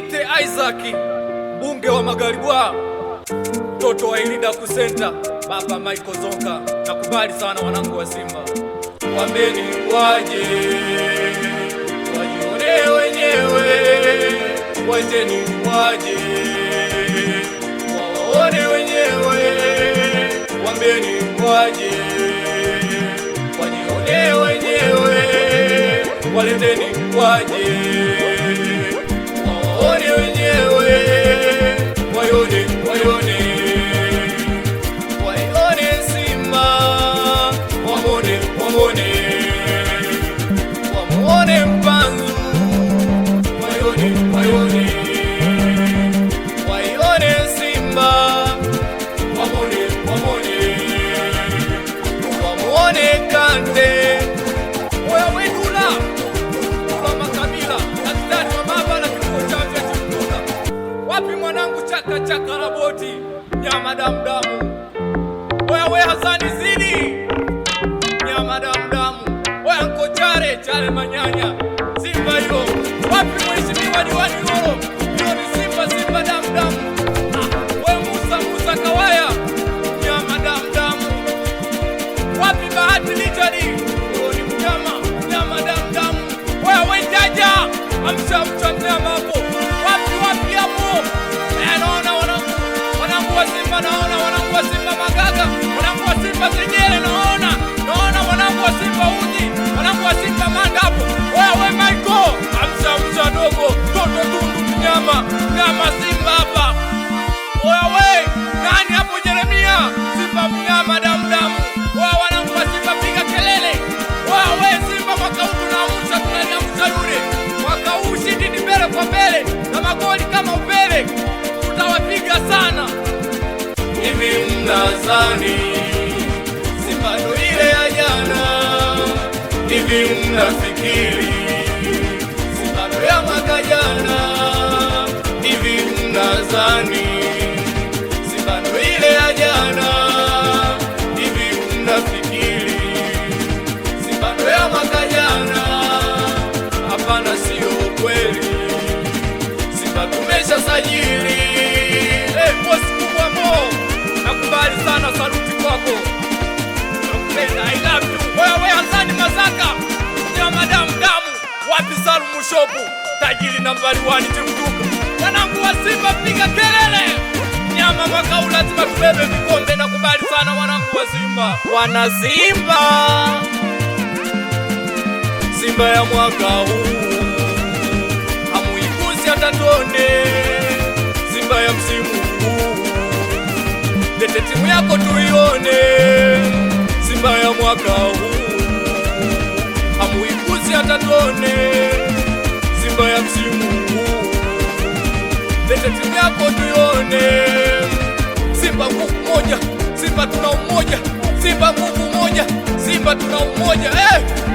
niite Isaac mbunge wa magaribwa mtoto wa Ilinda kusenta baba Michael Zonka. Nakubali sana wanangu wa Simba, wambeni waje wajione wenyewe, waiteni waje waone wenyewe, wambeni waje wajione wenyewe, waleteni waje nyama damu damu, wewe Hasani zidi nyama damu damu, wewe Anko Chale Chale manyanya Simba hiyo wapi? Mheshimiwa diwani Lolo hiyo ni Simba Simba damu damu, wewe ah, Musa Musa Kawaya nyama damu damu, wapi Bahati Richard huyo ni mnyama nyama damu damu, wewe Jaja amsha Simba mnyama damudamu, wao wanakuwa Simba piga kelele, wao we Simba mwaka huu tunaamsha, tunanyamsha yule. Mwaka huu ushindi ni mbele kwa mbele na magoli kama upele, tutawapiga sana. Hivi mnadhani Simba ndo ile ya jana? Hivi mnafikiri Simba ndo ya mwaka jana? Hivi mnadhani tajili tajiri nambari wani chimkuka. Wanangu wa Simba piga kelele, nyama makau lazima tubebe vikombe na kubali sana wanangu wa Simba, wana Simba, Simba ya mwaka huu hamuigusi hata tone, Simba ya msimu huu, lete timu yako tu yako tuione. Simba nguvu moja, Simba tuna umoja, Simba nguvu moja, Simba tuna umoja eh!